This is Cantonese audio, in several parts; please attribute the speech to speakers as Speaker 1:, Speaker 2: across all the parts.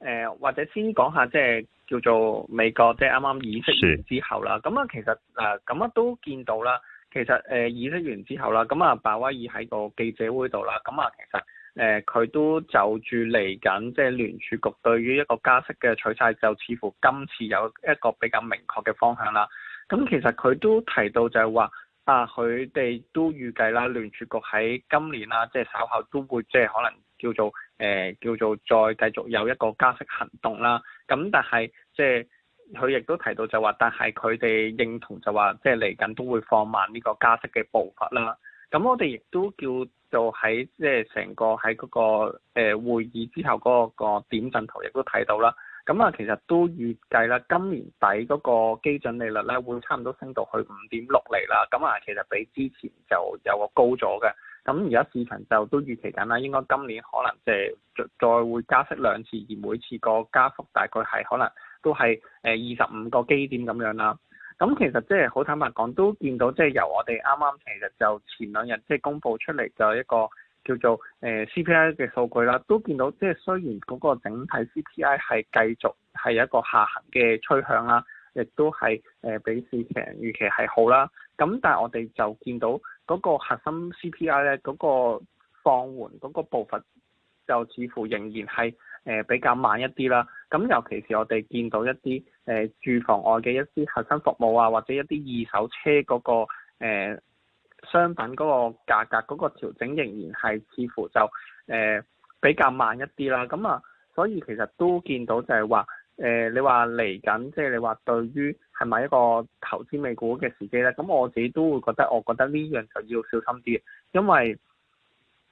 Speaker 1: 誒、呃、或者先講下即係叫做美國即係啱啱議息完之後啦，咁啊是其實誒咁啊都見到啦，其實誒議息完之後啦，咁啊鮑威爾喺個記者會度啦，咁啊其實誒佢、呃、都就住嚟緊即係聯儲局對於一個加息嘅取向就似乎今次有一個比較明確嘅方向啦。咁、啊、其實佢都提到就係話啊，佢哋都預計啦，聯儲局喺今年啊，即、就、係、是、稍後都會即係、就是、可能叫做。誒、呃、叫做再繼續有一個加息行動啦，咁但係即係佢亦都提到就話，但係佢哋認同就話，即係嚟緊都會放慢呢個加息嘅步伐啦。咁我哋亦都叫做喺即係成個喺嗰、那個誒、呃、會議之後嗰、那個、那個點陣圖亦都睇到啦。咁啊，其實都預計啦，今年底嗰個基準利率咧會差唔多升到去五點六厘啦。咁啊，其實比之前就有個高咗嘅。咁而家市場就都預期緊啦，應該今年可能誒再再會加息兩次，而每次個加幅大概係可能都係誒二十五個基點咁樣啦。咁其實即係好坦白講，都見到即係由我哋啱啱其實就前兩日即係公佈出嚟就一個叫做誒、呃、CPI 嘅數據啦，都見到即係雖然嗰個整體 CPI 係繼續係一個下行嘅趨向啦，亦都係誒、呃、比市場預期係好啦。咁但係我哋就見到。嗰個核心 CPI 咧，嗰、那個放緩嗰個步伐就似乎仍然係誒、呃、比較慢一啲啦。咁尤其是我哋見到一啲誒、呃、住房外嘅一啲核心服務啊，或者一啲二手車嗰、那個、呃、商品嗰個價格嗰個調整，仍然係似乎就誒、呃、比較慢一啲啦。咁啊，所以其實都見到就係話。誒、呃，你話嚟緊，即係你話對於係咪一個投資美股嘅時機咧？咁我自己都會覺得，我覺得呢樣就要小心啲，因為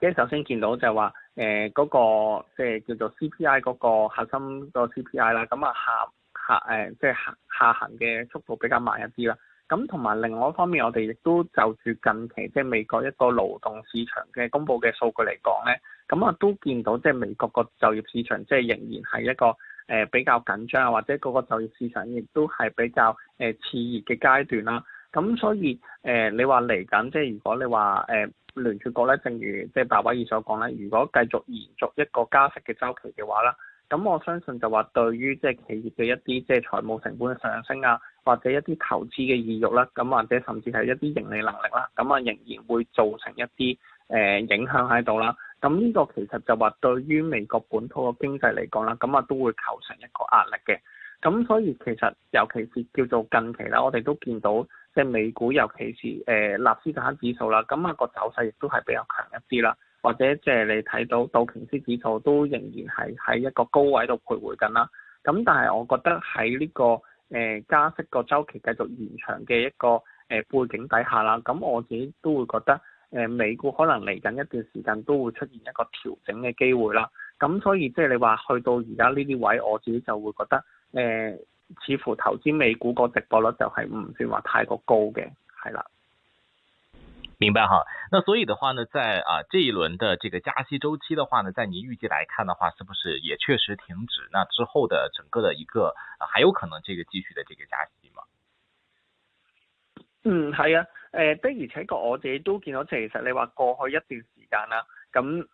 Speaker 1: 即係首先見到就係話誒嗰個即係叫做 CPI 嗰、那個核心個 CPI 啦。咁啊下下誒、呃，即係下下行嘅速度比較慢一啲啦。咁同埋另外一方面，我哋亦都就住近期即係美國一個勞動市場嘅公佈嘅數據嚟講咧，咁啊都見到即係美國個就業市場即係仍然係一個。誒、呃、比較緊張啊，或者個個就業市場亦都係比較誒熾熱嘅階段啦。咁、啊、所以誒、呃，你話嚟緊，即係如果你話誒、呃、聯儲局咧，正如即係鮑威爾所講咧，如果繼續延續一個加息嘅周期嘅話啦，咁我相信就話對於即係企業嘅一啲即係財務成本嘅上升啊，或者一啲投資嘅意欲啦，咁、啊、或者甚至係一啲盈利能力啦，咁啊仍然會造成一啲誒、呃、影響喺度啦。咁呢個其實就話對於美國本土嘅經濟嚟講啦，咁啊都會構成一個壓力嘅。咁所以其實尤其是叫做近期啦，我哋都見到即係美股，尤其是誒、呃、納斯達克指數啦，咁、那、啊個走勢亦都係比較強一啲啦。或者即係你睇到道瓊斯指數都仍然係喺一個高位度徘徊緊啦。咁但係我覺得喺呢、這個誒、呃、加息個周期繼續延長嘅一個誒、呃、背景底下啦，咁我自己都會覺得。誒，美股可能嚟緊一段時間都會出現一個調整嘅機會啦，咁所以即係你話去到而家呢啲位，我自己就會覺得誒、呃，似乎投資美股個值博率就係唔算話太過高嘅，係啦。
Speaker 2: 明白哈，那所以的話呢，在啊、呃、這一輪的這個加息周期的話呢，在你預計來看的話，是不是也確實停止？那之後的整個的一個、呃、還有可能這個繼續的這個加息嘛，嗯，
Speaker 1: 係啊。誒，的而且確，我自己都見到，其實你話過去一段時間啦，咁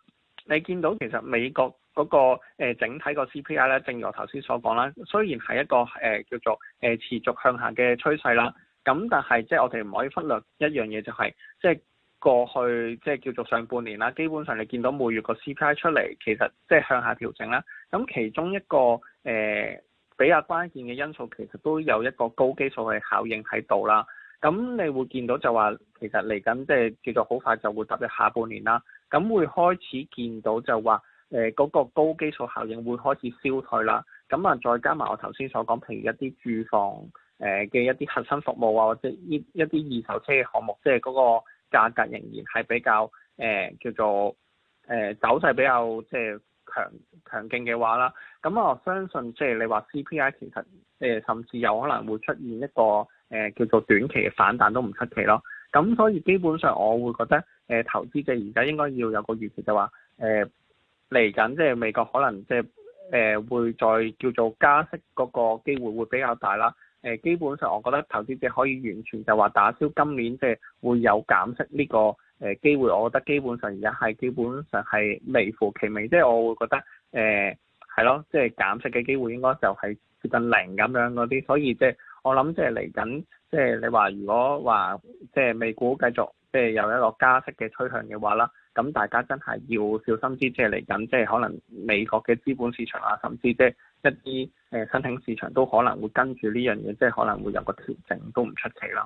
Speaker 1: 你見到其實美國嗰個整體個 CPI 咧，正如我頭先所講啦，雖然係一個誒叫做誒持續向下嘅趨勢啦，咁但係即係我哋唔可以忽略一樣嘢，就係，就係即係過去即係叫做上半年啦，基本上你見到每月個 CPI 出嚟，其實即係向下調整啦，咁其中一個誒比較關鍵嘅因素，其實都有一個高基數嘅效應喺度啦。咁你會見到就話，其實嚟緊即係叫做好快就會踏入下半年啦。咁會開始見到就話，誒嗰個高基數效應會開始消退啦。咁啊，再加埋我頭先所講，譬如一啲住房誒嘅一啲核心服務啊，或者呢一啲二手車嘅項目，即係嗰個價格仍然係比較誒、呃、叫做誒、呃、走勢比較即係強強勁嘅話啦。咁啊，我相信即係你話 CPI 其實誒、呃，甚至有可能會出現一個。誒、呃、叫做短期嘅反彈都唔出奇咯，咁所以基本上我會覺得誒、呃、投資者而家應該要有個預期就話誒嚟緊即係美國可能即係誒會再叫做加息嗰個機會會比較大啦。誒、呃、基本上我覺得投資者可以完全就話打消今年即係會有減息呢、這個誒機、呃、會，我覺得基本上而家係基本上係微乎其微，即、就、係、是、我會覺得誒係、呃、咯，即係減息嘅機會應該就係接近零咁樣嗰啲，所以即、就、係、是。我諗即係嚟緊，即係你話如果話即係美股繼續即係有一個加息嘅趨向嘅話啦，咁大家真係要小心啲，即係嚟緊，即係可能美國嘅資本市場啊，甚至即係一啲誒申請市場都可能會跟住呢樣嘢，即係可能會有個調整，都唔出奇囉。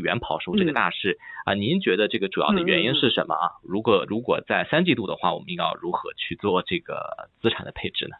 Speaker 2: 遠跑輸這個大事啊，您覺得這個主要的原因是什麼啊？嗯、如果如果在三季度的話，我們要如何去做這個資產的配置呢？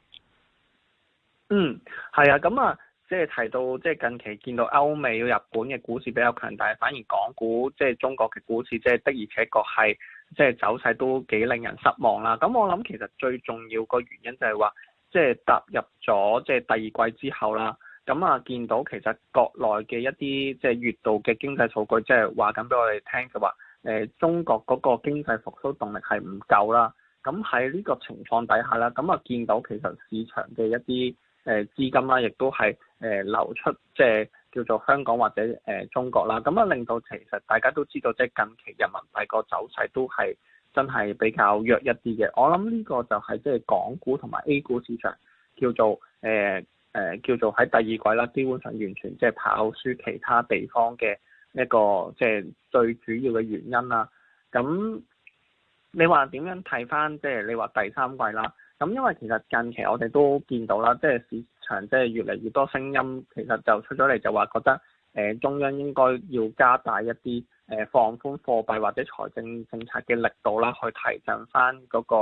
Speaker 1: 嗯，係啊，咁啊，即係提到即係近期見到歐美、日本嘅股市比較強大，反而港股即係中國嘅股市即係的而且確係，即係走勢都幾令人失望啦。咁我諗其實最重要個原因就係話，即係踏入咗即係第二季之後啦。咁啊，見到其實國內嘅一啲即係月度嘅經濟數據，即係話緊俾我哋聽就話，誒中國嗰個經濟復甦動力係唔夠啦。咁喺呢個情況底下啦，咁啊見到其實市場嘅一啲誒資金啦，亦都係誒流出，即係叫做香港或者誒中國啦。咁啊令到其實大家都知道，即係近期人民幣個走勢都係真係比較弱一啲嘅。我諗呢個就係即係港股同埋 A 股市場叫做誒。呃誒、呃、叫做喺第二季啦，基本上完全即係跑輸其他地方嘅一個即係最主要嘅原因啦。咁你話點樣睇翻即係你話第三季啦？咁因為其實近期我哋都見到啦，即係市場即係越嚟越多聲音，其實就出咗嚟就話覺得誒中央應該要加大一啲誒放寬貨幣或者財政政策嘅力度啦，去提振翻嗰個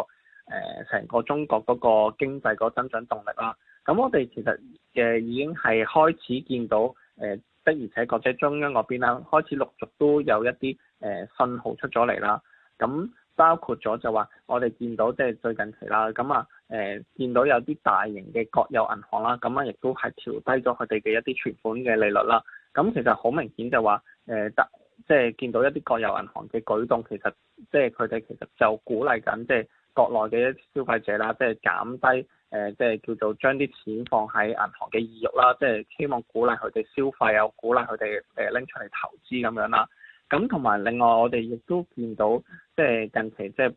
Speaker 1: 誒成個中國個經濟個增長動力啦。咁我哋其實嘅已經係開始見到，誒、呃、的而且確喺中央嗰邊啦，開始陸續都有一啲誒、呃、信號出咗嚟啦。咁、嗯、包括咗就話，我哋見到即係最近期啦，咁啊誒、呃、見到有啲大型嘅國有銀行啦，咁啊亦、啊、都係調低咗佢哋嘅一啲存款嘅利率啦。咁、啊嗯、其實好明顯就話、係，誒特即係見到一啲國有銀行嘅舉動，其實即係佢哋其實就鼓勵緊即係國內嘅一啲消費者啦，即、啊、係、就係、減低。誒、呃，即係叫做將啲錢放喺銀行嘅意欲啦，即係希望鼓勵佢哋消費啊，鼓勵佢哋誒拎出嚟投資咁樣啦、啊。咁同埋另外，我哋亦都見到，即係近期即係誒，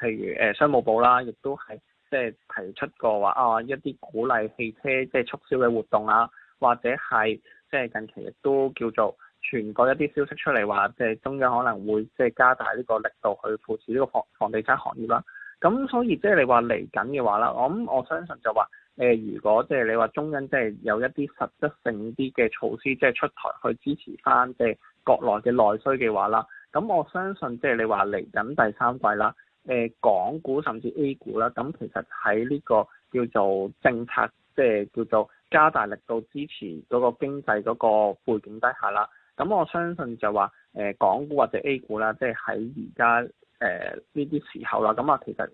Speaker 1: 譬如誒商務部啦，亦都係即係提出過話啊，一啲鼓勵汽車即係促銷嘅活動啦，或者係即係近期亦都叫做傳播一啲消息出嚟話，即係中央可能會即係加大呢個力度去扶持呢個房房地產行業啦。咁所以即係你話嚟緊嘅話啦，我諗我相信就話，誒、呃、如果即係你話中央即係有一啲實質性啲嘅措施即係、就是、出台去支持翻即係國內嘅內需嘅話啦，咁我相信即係你話嚟緊第三季啦，誒、呃、港股甚至 A 股啦，咁其實喺呢個叫做政策即係、就是、叫做加大力度支持嗰個經濟嗰個背景底下啦，咁我相信就話誒、呃、港股或者 A 股啦，即係喺而家。誒呢啲時候啦，咁啊其實誒、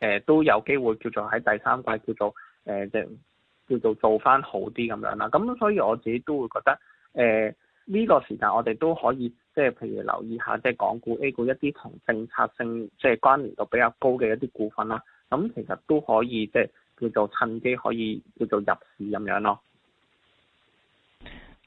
Speaker 1: 呃、都有機會叫做喺第三季叫做誒即、呃、叫做做翻好啲咁樣啦。咁、嗯、所以我自己都會覺得誒呢、呃這個時間我哋都可以即係譬如留意下即係港股 A 股一啲同政策性即係關聯度比較高嘅一啲股份啦。咁、嗯、其實都可以即係叫做趁機可以叫做入市咁樣咯。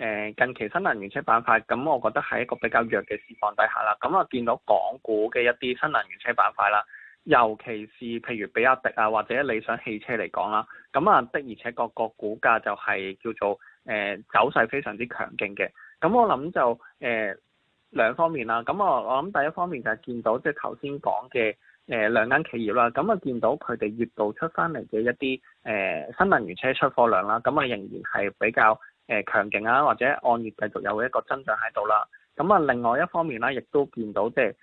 Speaker 1: 誒近期新能源車板塊，咁我覺得係一個比較弱嘅市況底下啦，咁啊見到港股嘅一啲新能源車板塊啦，尤其是譬如比亞迪啊或者理想汽車嚟講啦，咁啊的而且確，確個股價就係叫做誒、欸、走勢非常之強勁嘅。咁我諗就誒、欸、兩方面啦，咁我我諗第一方面就係見到即係頭先講嘅誒兩間企業啦，咁啊見到佢哋月度出翻嚟嘅一啲誒、欸、新能源車出貨量啦，咁啊仍然係比較。誒強勁啊，或者按月繼續有一個增長喺度啦。咁啊，另外一方面啦，亦都見到即係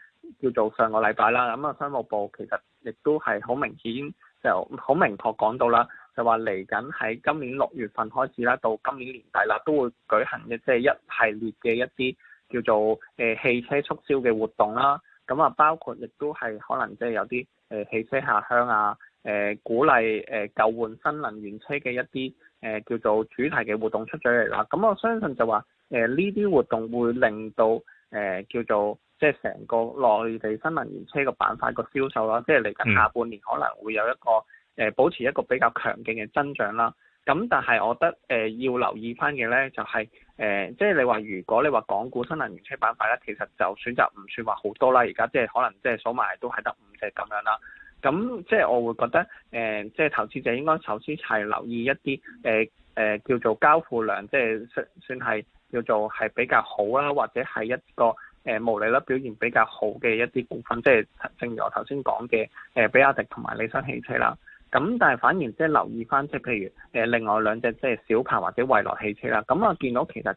Speaker 1: 叫做上個禮拜啦，咁啊，商務部其實亦都係好明顯就好明確講到啦，就話嚟緊喺今年六月份開始啦，到今年年底啦，都會舉行嘅即係一系列嘅一啲叫做誒汽車促銷嘅活動啦。咁啊，包括亦都係可能即係有啲誒汽車下鄉啊，誒鼓勵誒舊換新能源車嘅一啲。誒叫做主題嘅活動出咗嚟啦，咁我相信就話誒呢啲活動會令到誒、呃、叫做即係成個內地新能源車嘅板塊個銷售啦，嗯、即係嚟緊下半年可能會有一個誒、呃、保持一個比較強勁嘅增長啦。咁但係我覺得誒、呃、要留意翻嘅咧，就係、是、誒、呃、即係你話如果你話港股新能源車板塊咧，其實就選擇唔算話好多啦，而家即係可能即係數埋都係得五隻咁樣啦。咁、嗯、即係我會覺得，誒、呃，即係投資者應該首先係留意一啲，誒、呃，誒叫做交付量，即係算算係叫做係比較好啦，或者係一個誒、呃、毛利率表現比較好嘅一啲股份，即係正如我頭先講嘅，誒、呃、比亞迪同埋理想汽車啦。咁、嗯、但係反而即係留意翻，即係譬如誒另外兩隻即係小鵬或者蔚來汽車啦。咁啊見到其實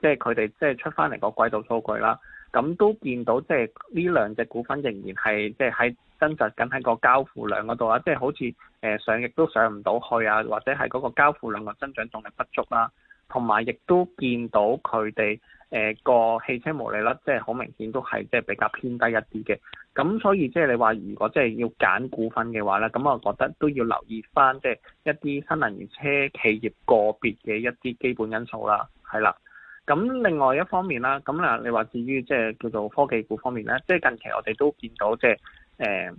Speaker 1: 即係佢哋即係出翻嚟個季度數據啦。咁都見到，即係呢兩隻股份仍然係即係喺增實緊喺個交付量嗰度啊！即係好似誒上亦都上唔到去啊，或者係嗰個交付量嘅增長動力不足啦，同埋亦都見到佢哋誒個汽車毛利率即係好明顯都係即係比較偏低一啲嘅。咁所以即係你話如果即係要揀股份嘅話咧，咁我覺得都要留意返即係一啲新能源車企業個別嘅一啲基本因素啦。係啦。咁另外一方面啦，咁啦，你話至於即係叫做科技股方面咧，即係近期我哋都見到即係誒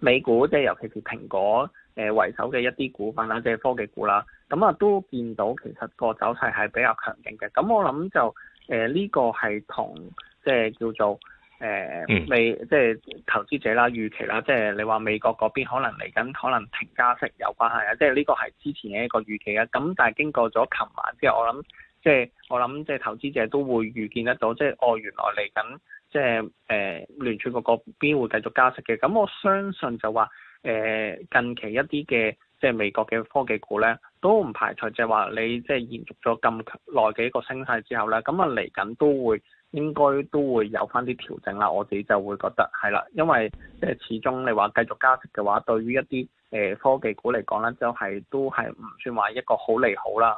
Speaker 1: 美股，即係尤其是蘋果誒為首嘅一啲股份啦，即係科技股啦，咁啊都見到其實個走勢係比較強勁嘅。咁我諗就誒呢個係同即係叫做誒美即係投資者啦、預期啦，即係你話美國嗰邊可能嚟緊可能停加息有關係啊，即係呢個係之前嘅一個預期啊。咁但係經過咗琴晚之後，我諗。即係我諗，即係投資者都會預見得到，即係哦，原來嚟緊，即係誒、呃、聯儲局嗰邊會繼續加息嘅。咁我相信就話誒、呃、近期一啲嘅即係美國嘅科技股咧，都唔排除就話你即係延續咗咁耐嘅一個升勢之後咧，咁啊嚟緊都會應該都會有返啲調整啦。我自己就會覺得係啦，因為即係始終你話繼續加息嘅話，對於一啲誒、呃、科技股嚟講咧，就係、是、都係唔算話一個好利好啦。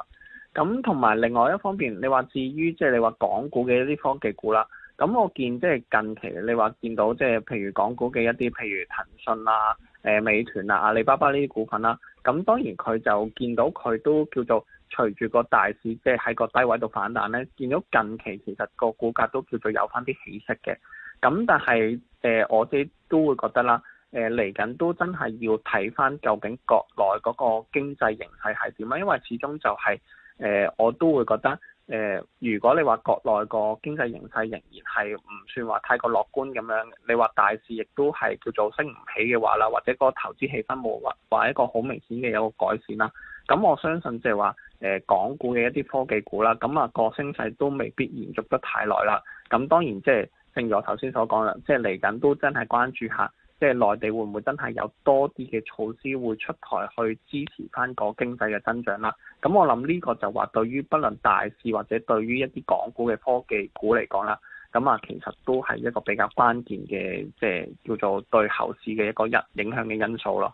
Speaker 1: 咁同埋另外一方面，你話至於即係你話港股嘅一啲科技股啦，咁我見即係、就是、近期你話見到即係譬如港股嘅一啲譬如騰訊啊、誒美團啊、阿里巴巴呢啲股份啦、啊，咁當然佢就見到佢都叫做隨住個大市即係喺個低位度反彈咧，見到近期其實個股價都叫做有翻啲起色嘅，咁但係誒、呃、我哋都會覺得啦。誒嚟緊都真係要睇返究竟國內嗰個經濟形勢係點啊？因為始終就係、是、誒、呃，我都會覺得誒、呃，如果你話國內個經濟形勢仍然係唔算話太過樂觀咁樣，你話大市亦都係叫做升唔起嘅話啦，或者個投資氣氛冇話話一個好明顯嘅有個改善啦，咁我相信即係話誒，港股嘅一啲科技股啦，咁、那、啊個升勢都未必延續得太耐啦。咁當然即、就、係、是、正如我頭先所講啦，即係嚟緊都真係關注下。即係內地會唔會真係有多啲嘅措施會出台去支持翻個經濟嘅增長啦？咁我諗呢個就話對於不論大市或者對於一啲港股嘅科技股嚟講啦，咁啊其實都係一個比較關鍵嘅即係叫做對後市嘅一個影影響嘅因素咯。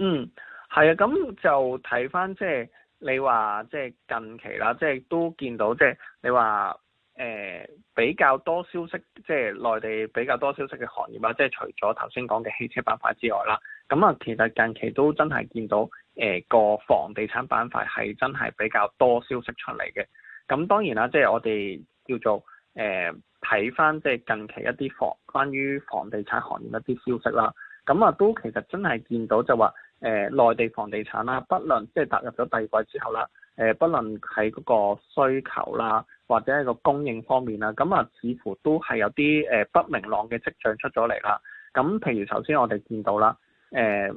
Speaker 1: 嗯，係、嗯、啊，咁、嗯、就睇返即係你話即係近期啦，即係都見到即係你話誒比較多消息，即係內地比較多消息嘅行業啦，即係除咗頭先講嘅汽車板塊之外啦，咁啊其實近期都真係見到誒個房地產板塊係真係比較多消息出嚟嘅。咁、嗯、當然啦，即係我哋叫做誒睇返即係近期一啲房關於房地產行業一啲消息啦，咁啊都其實真係見到就話、是。誒內地房地產啦，不論即係踏入咗第二季之後啦，誒不論喺嗰個需求啦，或者係個供應方面啦，咁啊似乎都係有啲誒不明朗嘅跡象出咗嚟啦。咁譬如頭先我哋見到啦，誒、呃、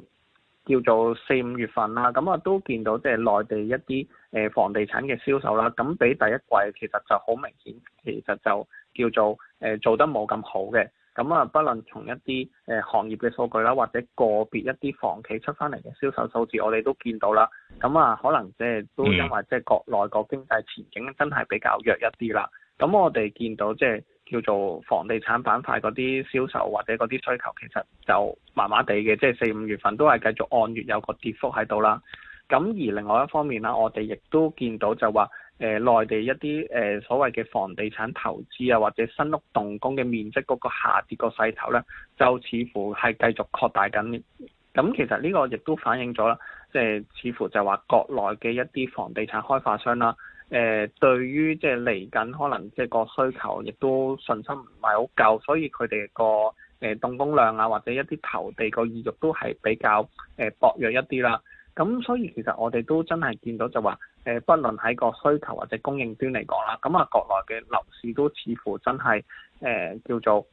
Speaker 1: 叫做四五月份啦，咁啊都見到即係內地一啲誒房地產嘅銷售啦，咁比第一季其實就好明顯，其實就叫做誒做得冇咁好嘅。咁啊，不論從一啲誒、呃、行業嘅數據啦，或者個別一啲房企出翻嚟嘅銷售數字，我哋都見到啦。咁啊，可能即係都因為即係國內個經濟前景真係比較弱一啲啦。咁我哋見到即係叫做房地產板塊嗰啲銷售或者嗰啲需求，其實就麻麻地嘅，即係四五月份都係繼續按月有個跌幅喺度啦。咁而另外一方面啦，我哋亦都見到就話。誒內、呃、地一啲誒、呃、所謂嘅房地產投資啊，或者新屋動工嘅面積嗰個下跌個勢頭咧，就似乎係繼續擴大緊。咁、嗯、其實呢個亦都反映咗啦，即、呃、係似乎就話國內嘅一啲房地產開發商啦、啊，誒、呃、對於即係嚟緊可能即係個需求，亦都信心唔係好夠，所以佢哋個誒動工量啊，或者一啲投地個意欲都係比較誒、呃、薄弱一啲啦。咁所以其實我哋都真係見到就話，誒，不論喺個需求或者供應端嚟講啦，咁啊國內嘅樓市都似乎真係誒、呃、叫做誒、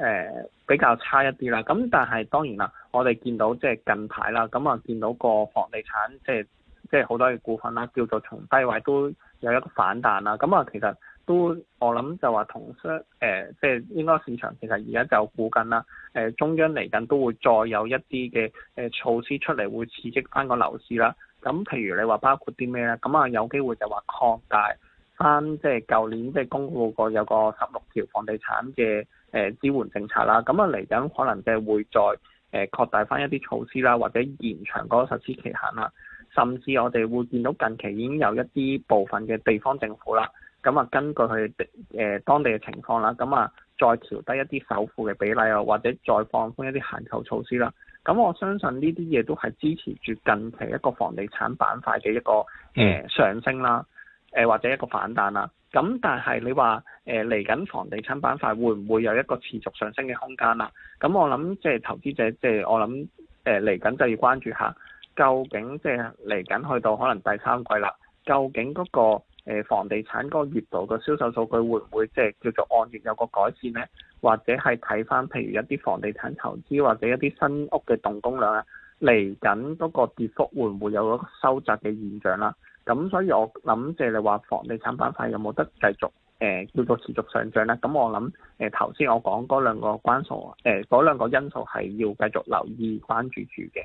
Speaker 1: 呃、比較差一啲啦。咁但係當然啦，我哋見到即係近排啦，咁啊見到個房地產即係即係好多嘅股份啦，叫做從低位都有一個反彈啦。咁啊其實。都我諗就話同商誒，即、呃、係、就是、應該市場其實而家就估緊啦。誒、呃、中央嚟緊都會再有一啲嘅誒措施出嚟，會刺激翻個樓市啦。咁譬如你話包括啲咩咧？咁啊有機會就話擴大翻，即係舊年即係公布過有個十六條房地產嘅誒、呃、支援政策啦。咁啊嚟緊可能即係會再誒擴、呃、大翻一啲措施啦，或者延長嗰個實施期限啦。甚至我哋會見到近期已經有一啲部分嘅地方政府啦。咁啊，根據佢的誒、呃、當地嘅情況啦，咁啊，再調低一啲首付嘅比例啊，或者再放寬一啲限購措施啦。咁、啊、我相信呢啲嘢都係支持住近期一個房地產板塊嘅一個誒、呃、上升啦，誒、啊、或者一個反彈啦。咁、啊、但係你話誒嚟緊房地產板塊會唔會有一個持續上升嘅空間啦？咁、啊、我諗即係投資者即係、就是、我諗誒嚟緊就要關注下，究竟即係嚟緊去到可能第三季啦，究竟嗰、那個？誒房地產嗰個月度個銷售數據會唔會即係叫做按月有個改善呢？或者係睇翻譬如一啲房地產投資或者一啲新屋嘅動工量咧、啊，嚟緊嗰個跌幅會唔會有個收窄嘅現象啦、啊？咁所以我諗即係你話房地產板塊有冇得繼續誒、呃、叫做持續上漲呢？咁我諗誒頭先我講嗰兩個關數誒嗰、呃、兩個因素係要繼續留意關注住嘅。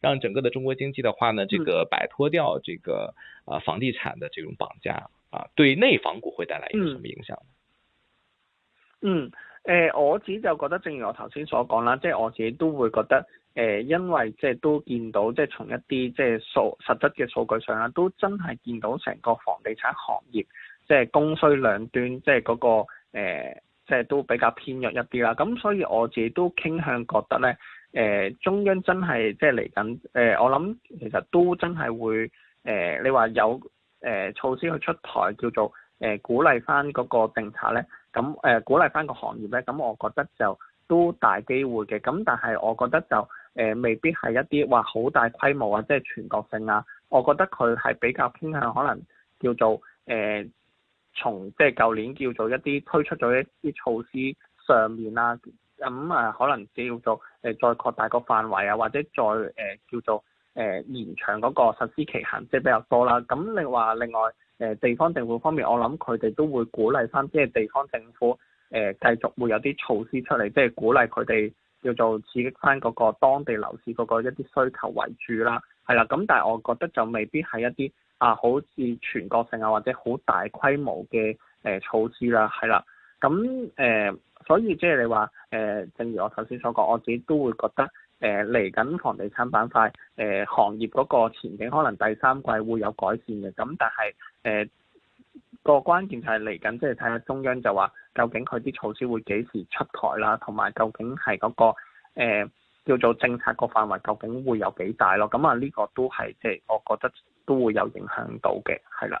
Speaker 2: 讓整個的中國經濟的話呢，這個擺脱掉這個啊房地產的這種綁架、嗯、啊，對內房股會帶來一個什麼影響嗯，誒、
Speaker 1: 呃、我自己就覺得，正如我頭先所講啦，即係我自己都會覺得，誒、呃、因為即係都見到，即係從一啲即係數實質嘅數據上啦，都真係見到成個房地產行業，即係供需兩端，即係嗰個誒即係都比較偏弱一啲啦。咁所以我自己都傾向覺得咧。誒、呃、中央真係即係嚟緊，誒、呃、我諗其實都真係會誒、呃，你話有誒、呃、措施去出台，叫做誒、呃、鼓勵翻嗰個政策咧，咁、呃、誒、呃、鼓勵翻個行業咧，咁我覺得就都大機會嘅，咁但係我覺得就誒、呃、未必係一啲話好大規模啊，即係全國性啊，我覺得佢係比較傾向可能叫做誒、呃、從即係舊年叫做一啲推出咗一啲措施上面啦、啊。咁啊、嗯，可能叫做誒、呃、再擴大個範圍啊，或者再誒、呃、叫做誒、呃、延長嗰個實施期限，即係比較多啦。咁你話另外誒、呃、地方政府方面，我諗佢哋都會鼓勵翻，即係地方政府誒、呃、繼續會有啲措施出嚟，即係鼓勵佢哋叫做刺激翻嗰個當地樓市嗰個一啲需求為主啦，係啦。咁但係我覺得就未必係一啲啊，好似全國性啊或者好大規模嘅誒、呃、措施啦，係啦。咁誒、呃，所以即係你話，誒、呃，正如我頭先所講，我自己都會覺得誒嚟緊房地產板塊，誒、呃、行業嗰個前景，可能第三季會有改善嘅。咁但係誒、呃、那個關鍵就係嚟緊即係睇下、就是、看看中央就話究竟佢啲措施會幾時出台啦，同埋究竟係嗰、那個、呃、叫做政策個範圍究竟會有幾大咯？咁啊，呢個都係即係我覺得都會有影響到
Speaker 2: 嘅，係啦。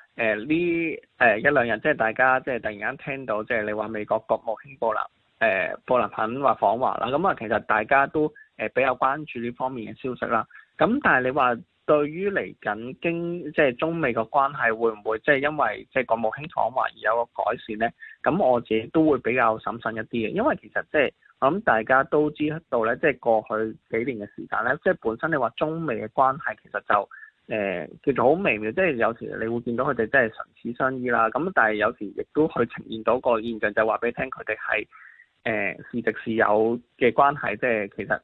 Speaker 1: 誒呢誒一兩日，即係大家即係突然間聽到，即係你話美國國務卿布林誒、呃、布林肯話訪華啦。咁啊，其實大家都誒比較關注呢方面嘅消息啦。咁但係你話對於嚟緊經即係中美嘅關係，會唔會即係因為即係國務卿訪華而有個改善咧？咁我自己都會比較審慎一啲嘅，因為其實即係我諗大家都知道咧，即係過去幾年嘅時間咧，即係本身你話中美嘅關係其實就。誒、呃、叫做好微妙，即係有時你會見到佢哋真係唇齒相依啦。咁但係有時亦都去呈現到個現象，就話、是、俾你聽，佢哋係誒是敵是友嘅關係。即係其實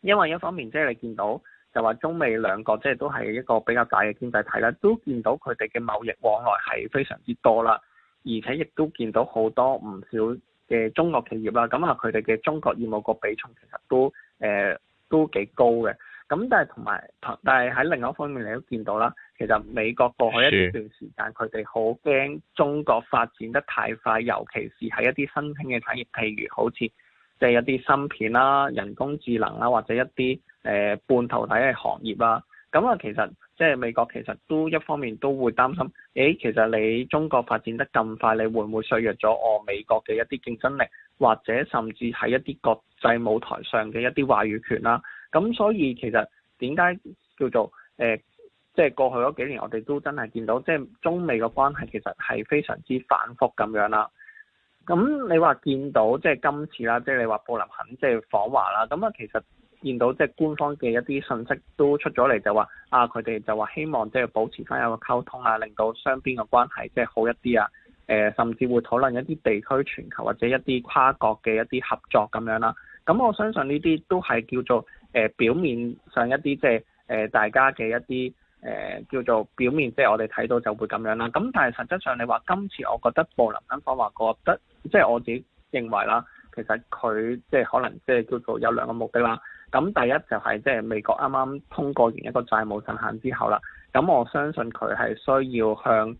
Speaker 1: 因為一方面，即係你見到就話中美兩國即係都係一個比較大嘅經濟體啦，都見到佢哋嘅貿易往來係非常之多啦。而且亦都見到好多唔少嘅中國企業啦，咁啊佢哋嘅中國業務個比重其實都誒、呃、都幾高嘅。咁但係同埋但係喺另一方面，你都見到啦，其實美國過去一段時間，佢哋好驚中國發展得太快，尤其是喺一啲新興嘅產業，譬如好似即係一啲芯片啦、人工智能啦，或者一啲誒、呃、半導體嘅行業啦。咁啊，其實即係、就是、美國其實都一方面都會擔心，誒，其實你中國發展得咁快，你會唔會削弱咗我美國嘅一啲競爭力，或者甚至喺一啲國際舞台上嘅一啲話語權啦？咁所以其實點解叫做誒，即係過去嗰幾年，我哋都真係見到，即係中美嘅關係其實係非常之反覆咁樣啦。咁你話見到即係今次啦，即係你話布林肯即係訪華啦，咁啊其實見到即係官方嘅一啲訊息都出咗嚟，就話啊佢哋就話希望即係保持返有個溝通啊，令到雙邊嘅關係即係好一啲啊。誒，甚至會討論一啲地區、全球或者一啲跨國嘅一啲合作咁樣啦。咁我相信呢啲都係叫做。誒、呃、表面上一啲即係誒大家嘅一啲誒、呃、叫做表面，即係我哋睇到就會咁樣啦。咁但係實質上你，你話今次我覺得布林肯講話覺得，即係我自己認為啦，其實佢即係可能即係叫做有兩個目的啦。咁第一就係、是、即係美國啱啱通過完一個債務上限之後啦，咁我相信佢係需要向誒唔、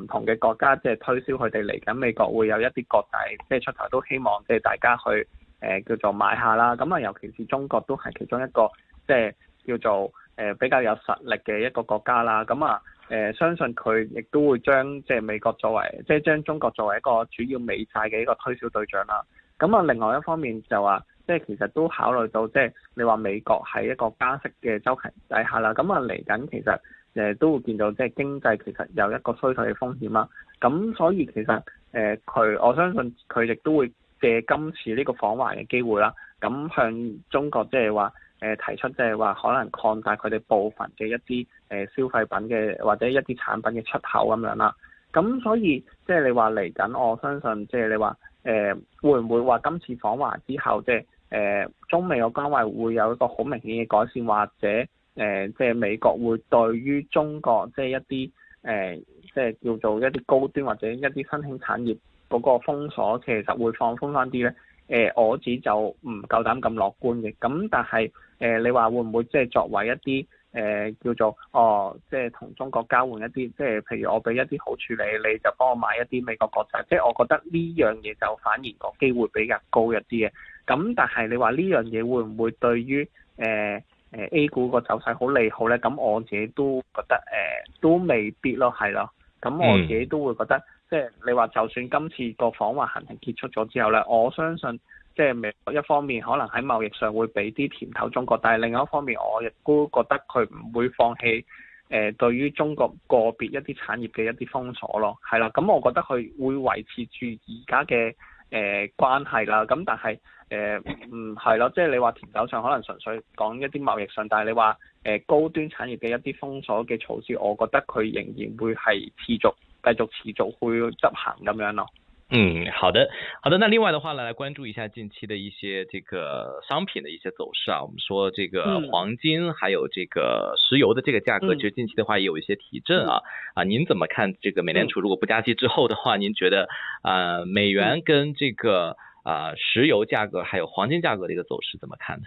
Speaker 1: 呃、同嘅國家即係推銷佢哋嚟緊美國會有一啲國際即係出頭，都希望即係大家去。誒叫做買下啦，咁啊尤其是中國都係其中一個即係、就是、叫做誒比較有實力嘅一個國家啦，咁啊誒相信佢亦都會將即係美國作為即係將中國作為一個主要美債嘅一個推銷對象啦。咁啊另外一方面就話，即係其實都考慮到即係你話美國喺一個加息嘅週期底下啦，咁啊嚟緊其實誒、呃、都會見到即係經濟其實有一個衰退嘅風險啦。咁所以其實誒佢、呃、我相信佢亦都會。借今次呢個訪華嘅機會啦，咁向中國即係話誒提出，即係話可能擴大佢哋部分嘅一啲誒、呃、消費品嘅或者一啲產品嘅出口咁樣啦。咁所以即係你話嚟緊，就是、我相信即係你話誒會唔會話今次訪華之後，即係誒中美嘅關係會有一個好明顯嘅改善，或者誒即係美國會對於中國即係、就是、一啲誒即係叫做一啲高端或者一啲新興產業，嗰個封鎖其實會放寬翻啲呢。誒我自己就唔夠膽咁樂觀嘅。咁但係誒，你話會唔會即係作為一啲誒叫做哦，即係同中國交換一啲，即係譬如我畀一啲好處理，你就幫我買一啲美國國債，即係我覺得呢樣嘢就反而個機會比較高一啲嘅。咁但係你話呢樣嘢會唔會對於誒誒 A 股個走勢好利好呢？咁我自己都覺得誒都未必咯，係咯。咁我自己都會覺得。即係你話，就算今次個訪華行程結束咗之後呢，我相信即係美國一方面可能喺貿易上會俾啲甜頭中國，但係另外一方面，我亦都覺得佢唔會放棄誒、呃、對於中國個別一啲產業嘅一啲封鎖咯。係啦，咁我覺得佢會維持住而家嘅誒關係啦。咁但係誒唔係咯，即係你話甜頭上可能純粹講一啲貿易上，但係你話誒、呃、高端產業嘅一啲封鎖嘅措施，我覺得佢仍然會係持續。繼續
Speaker 2: 持續去執行咁樣咯、哦。嗯，好的，好的。那另外的話呢，來，來關注一下近期的一些這個商品的一些走勢啊。我們說這個黃金，還有這個石油的這個價格，嗯、其實近期的話也有一些提振啊。嗯、啊，您怎麼看？這個美聯儲如果不加息之後的話，嗯、您覺得啊、呃，美元跟這個啊、呃、石油價格，還有黃金價格的一個走勢，怎麼看呢？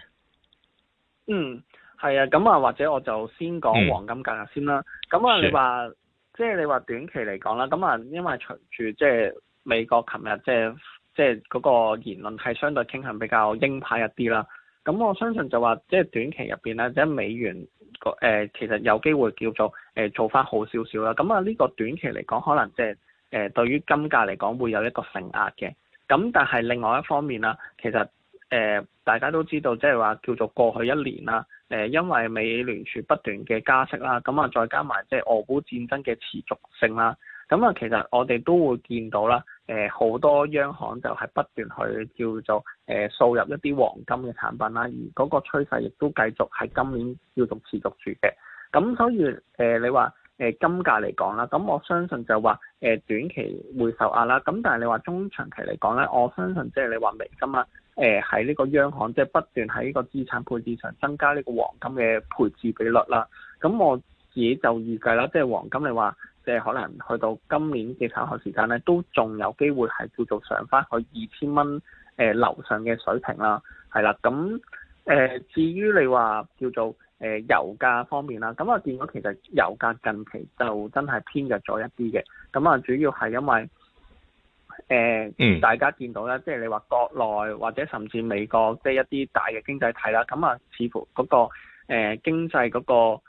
Speaker 2: 嗯，
Speaker 1: 係啊，咁啊，或者我就先講黃金價格先啦。咁啊、嗯，你話。即係你話短期嚟講啦，咁啊，因為隨住即係美國琴日即係即係嗰個言論係相對傾向比較鷹派一啲啦，咁我相信就話即係短期入邊咧，即係美元個誒，其實有機會叫做誒做翻好少少啦，咁啊呢個短期嚟講可能即係誒，對於金價嚟講會有一個承壓嘅，咁但係另外一方面啦，其實。誒、呃，大家都知道，即係話叫做過去一年啦。誒、呃，因為美聯儲不斷嘅加息啦，咁啊，再加埋即係俄烏戰爭嘅持續性啦，咁啊，其實我哋都會見到啦。誒、啊，好多央行就係不斷去叫做誒掃、啊、入一啲黃金嘅產品啦、啊，而嗰個趨勢亦都繼續係今年叫做持續住嘅。咁、啊、所以誒、啊，你話誒金價嚟講啦，咁我相信就話誒、啊、短期會受壓啦。咁、啊、但係你話中長期嚟講咧，我相信即係你話美金啦。誒喺呢個央行即係、就是、不斷喺呢個資產配置上增加呢個黃金嘅配置比率啦，咁我自己就預計啦，即係黃金你話，即係可能去到今年嘅炒荷時間咧，都仲有機會係叫做上翻去二千蚊誒樓上嘅水平啦，係啦，咁誒、呃、至於你話叫做誒油價方面啦，咁我見到其實油價近期就真係偏弱咗一啲嘅，咁啊，主要係因為。誒，嗯、大家見到啦，即係你話國內或者甚至美國即係一啲大嘅經濟體啦，咁啊，似乎嗰、那個誒、呃、經濟嗰、那個誒、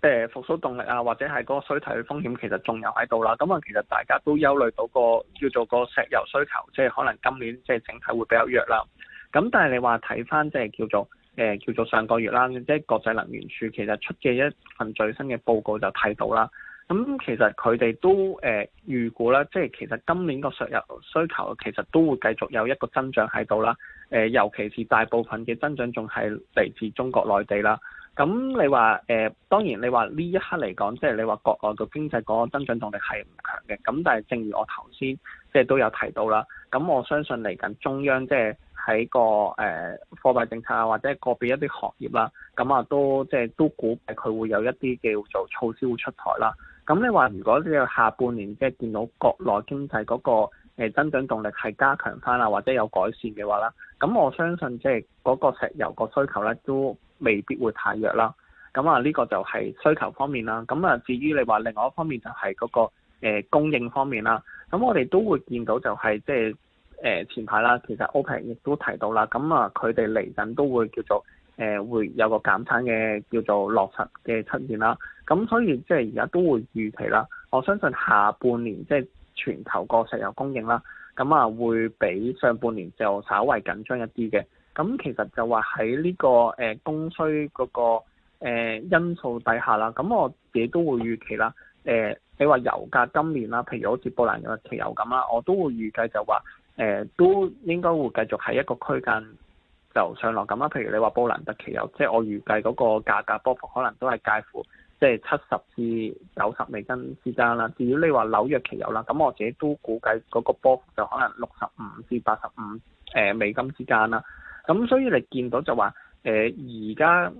Speaker 1: 呃、復甦動力啊，或者係嗰個衰退風險其實仲有喺度啦。咁啊，其實大家都憂慮到個叫做個石油需求，即係可能今年即係整體會比較弱啦。咁但係你話睇翻即係叫做誒、呃、叫做上個月啦，即係國際能源署其實出嘅一份最新嘅報告就睇到啦。咁、嗯、其實佢哋都誒、呃、預估啦，即係其實今年個石油需求其實都會繼續有一個增長喺度啦。誒、呃，尤其是大部分嘅增長仲係嚟自中國內地啦。咁、嗯、你話誒、呃，當然你話呢一刻嚟講，即係你話國外嘅經濟個增長動力係唔強嘅。咁但係正如我頭先即係都有提到啦，咁我相信嚟緊中央即係喺個誒、呃、貨幣政策啊，或者個別一啲行業啦，咁啊都即係都估計佢會有一啲叫做措施會出台啦。咁你話如果呢個下半年即係見到國內經濟嗰個增長動力係加強翻啦，或者有改善嘅話啦，咁我相信即係嗰個石油個需求咧都未必會太弱啦。咁啊呢個就係需求方面啦。咁啊至於你話另外一方面就係嗰個供應方面啦，咁我哋都會見到就係即係誒前排啦，其實 OPEC 亦都提到啦，咁啊佢哋嚟緊都會叫做。誒會有個減產嘅叫做落實嘅出現啦，咁所以即係而家都會預期啦。我相信下半年即係全球個石油供應啦，咁啊會比上半年就稍微緊張一啲嘅。咁其實就話喺呢個誒供需嗰個、呃、因素底下啦，咁我自己都會預期啦。誒、呃、你話油價今年啦，譬如好似布蘭嘅石油咁啦，我都會預計就話誒、呃、都應該會繼續喺一個區間就上落咁啦，譬如你話布蘭特期油，即係我預計嗰個價格波幅可能都係介乎即係七十至九十美金之間啦。至於你話紐約期油啦，咁我自己都估計嗰個波幅就可能六十五至八十五誒美金之間啦。咁所以你見到就話誒而家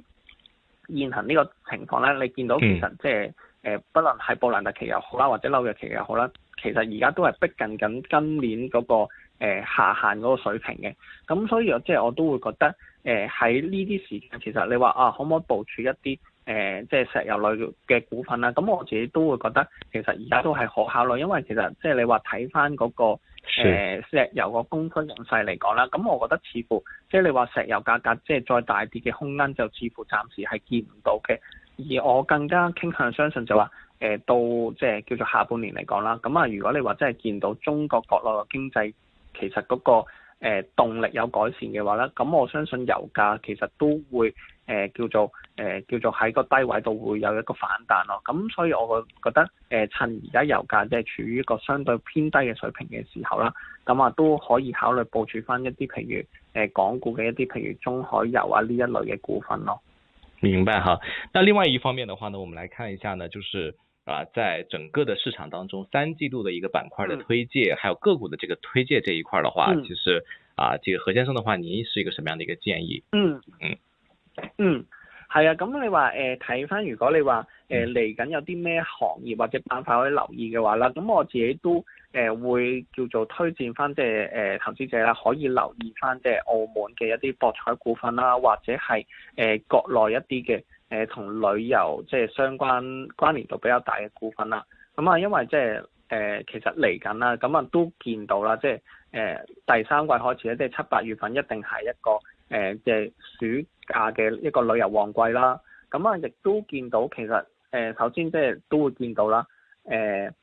Speaker 1: 現行呢個情況咧，你見到其實即係誒，不能係布蘭特期油好啦，或者紐約期油好啦。其實而家都係逼近緊今年嗰、那個、呃、下限嗰個水平嘅，咁所以我即係我都會覺得誒喺呢啲時間，其實你話啊，可唔可以部署一啲誒、呃、即係石油類嘅股份啦？咁我自己都會覺得其實而家都係可考慮，因為其實即係你話睇返嗰個、呃、石油個供需形勢嚟講啦，咁我覺得似乎即係你話石油價格即係再大跌嘅空間就似乎暫時係見唔到嘅，而我更加傾向相信就話。誒到即係叫做下半年嚟講啦，咁啊如果你話真係見到中國國內嘅經濟其實嗰個誒、呃、動力有改善嘅話咧，咁我相信油價其實都會誒、呃、叫做誒、呃、叫做喺個低位度會有一個反彈咯。咁所以我覺覺得誒、呃、趁而家油價即係處於一個相對偏低嘅水平嘅時候啦，咁啊都可以考慮部署翻一啲譬如誒、呃、港股嘅一啲譬如中海油啊呢一類嘅股份咯。
Speaker 2: 明白吓。那另外一方面嘅話呢，我們來看一下呢，就是。啊，在整個的市場當中，三季度的一個板塊的推介，嗯、還有個股的這個推介這一塊的話，嗯、其實啊，這個何先生的話，你是一個什麼樣的一個建議？
Speaker 1: 嗯嗯嗯，係、嗯嗯、啊，咁你話誒睇翻，呃、看看如果你話誒嚟緊有啲咩行業或者板塊可以留意嘅話啦，咁、嗯、我自己都誒、呃、會叫做推薦翻即係誒投資者啦，可以留意翻即係澳門嘅一啲博彩股份啦，或者係誒、呃、國內一啲嘅。誒同旅遊即係、就是、相關關聯度比較大嘅股份啦。咁、嗯、啊，因為即係誒，其實嚟緊啦，咁、嗯、啊都見到啦，即係誒第三季開始咧，即、就、係、是、七八月份一定係一個即嘅、呃就是、暑假嘅一個旅遊旺季啦。咁、嗯、啊，亦、嗯、都見到其實誒、呃，首先即係都會見到啦，誒、嗯、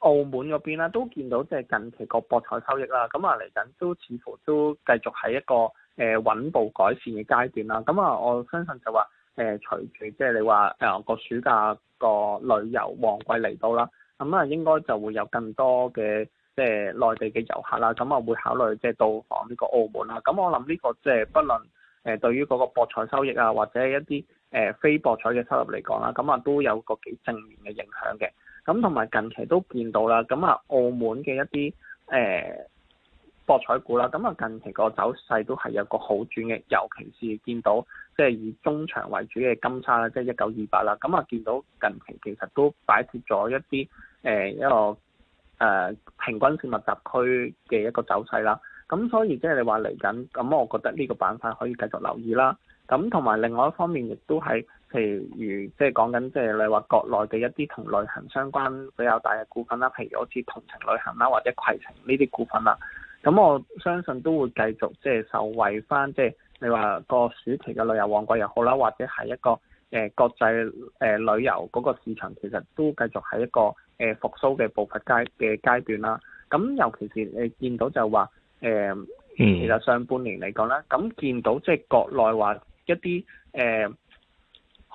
Speaker 1: 澳門嗰邊啦，都見到即係近期個博彩收益啦。咁啊嚟緊都似乎都繼續喺一個誒、呃、穩步改善嘅階段啦。咁、嗯、啊、嗯，我相信就話。誒隨住即係你話誒個暑假個旅遊旺季嚟到啦，咁啊應該就會有更多嘅即係內地嘅遊客啦，咁啊會考慮即係、就是、到訪呢個澳門啦，咁、啊、我諗呢、呢個即係不論誒對於嗰個博彩收益啊，或者一啲誒、呃、非博彩嘅收入嚟講啦，咁啊都有個幾正面嘅影響嘅，咁同埋近期都見到啦，咁啊澳門嘅一啲誒、呃博彩股啦，咁啊近期個走勢都係有個好轉嘅，尤其是見到即係、就是、以中長為主嘅金叉啦，即係一九二八啦。咁啊見到近期其實都擺脫咗一啲誒、呃、一個誒、呃、平均線密集區嘅一個走勢啦。咁所以即係你話嚟緊，咁我覺得呢個板塊可以繼續留意啦。咁同埋另外一方面，亦都係譬如即係講緊即係你話國內嘅一啲同旅行相關比較大嘅股份啦，譬如好似同程旅行啦，或者攜程呢啲股份啦。咁我相信都會繼續即係受惠翻，即係你話個暑期嘅旅遊旺季又好啦，或者係一個誒國際誒旅遊嗰個市場，其實都繼續喺一個誒復甦嘅步伐階嘅階段啦。咁尤其是你見到就話誒，其實上半年嚟講啦，咁，嗯，見到即係國內話一啲誒。呃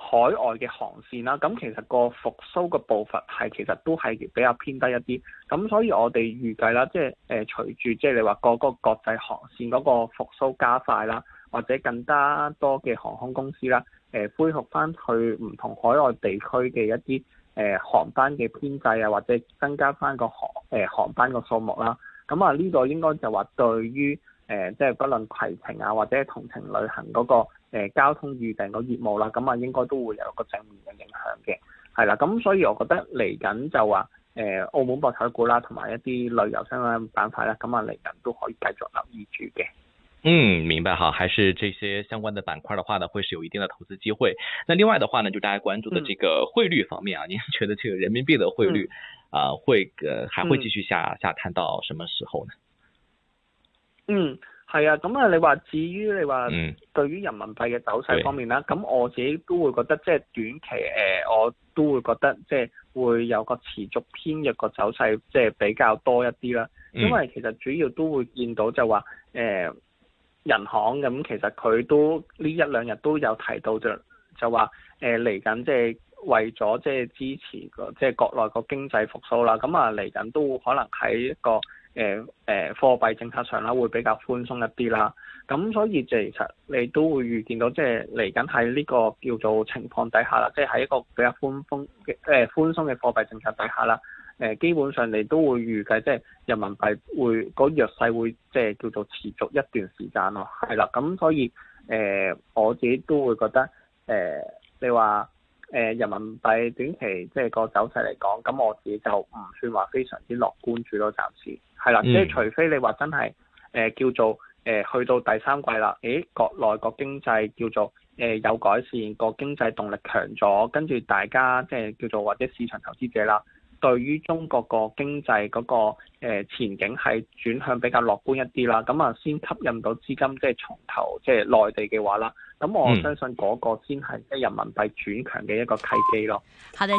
Speaker 1: 海外嘅航線啦，咁其實個復甦嘅步伐係其實都係比較偏低一啲，咁所以我哋預計啦，即係誒隨住即係你話個個國際航線嗰個復甦加快啦，或者更加多嘅航空公司啦，誒恢復翻去唔同海外地區嘅一啲誒、呃、航班嘅編制啊，或者增加翻個航誒、呃、航班嘅數目啦，咁啊呢個應該就話對於誒即係不論攜程啊或者同程旅行嗰、那個。誒，交通預訂個業務啦，咁啊，應該都會有個正面嘅影響嘅，係啦，咁所以我覺得嚟緊就話，誒，澳門博彩股啦，同埋一啲旅遊相關板塊啦，咁啊嚟緊都可以繼續留意住嘅。
Speaker 2: 嗯，明白哈，還是這些相關的板塊的話呢，會是有一定的投資機會。那另外的話呢，就大家關注的這個匯率方面啊，您覺得這個人民幣的匯率啊，呃，會，誒，呃，還會繼續下下探到什麼時候呢？嗯。
Speaker 1: 嗯係啊，咁啊，你話至於你話對於人民幣嘅走勢方面啦，咁、嗯、我自己都會覺得即係短期誒、呃，我都會覺得即係會有個持續偏弱個走勢，即係比較多一啲啦。因為其實主要都會見到就話誒、呃、人行咁，其實佢都呢一兩日都有提到就就話誒嚟緊即係為咗即係支持個即係國內個經濟復甦啦。咁啊嚟緊都會可能喺一個誒誒、誒貨幣政策上啦，會比較寬鬆一啲啦。咁、嗯、所以其實你都會預見到，即係嚟緊喺呢個叫做情況底下啦，即係喺一個比較寬鬆嘅誒寬鬆嘅貨幣政策底下啦。誒基本上你都會預計，即係人民幣會個弱勢會即係叫做持續一段時間咯。係啦，咁、嗯、所以誒、呃、我自己都會覺得誒、呃、你話誒、呃、人民幣短期即係個走勢嚟講，咁、嗯、我自己就唔算話非常之樂觀住咯，暫時。係啦，即係除非你話真係，誒、呃、叫做誒、呃、去到第三季啦，咦國內個經濟叫做誒有、呃、改善，個經濟動力強咗，跟住大家即係叫做或者市場投資者啦，對於中國個經濟嗰、那個誒、呃、前景係轉向比較樂觀一啲啦，咁啊先吸引到資金即係重投即係內地嘅話啦，咁我相信嗰個先係即係人民幣轉強嘅一個契機咯。
Speaker 2: 好的、嗯，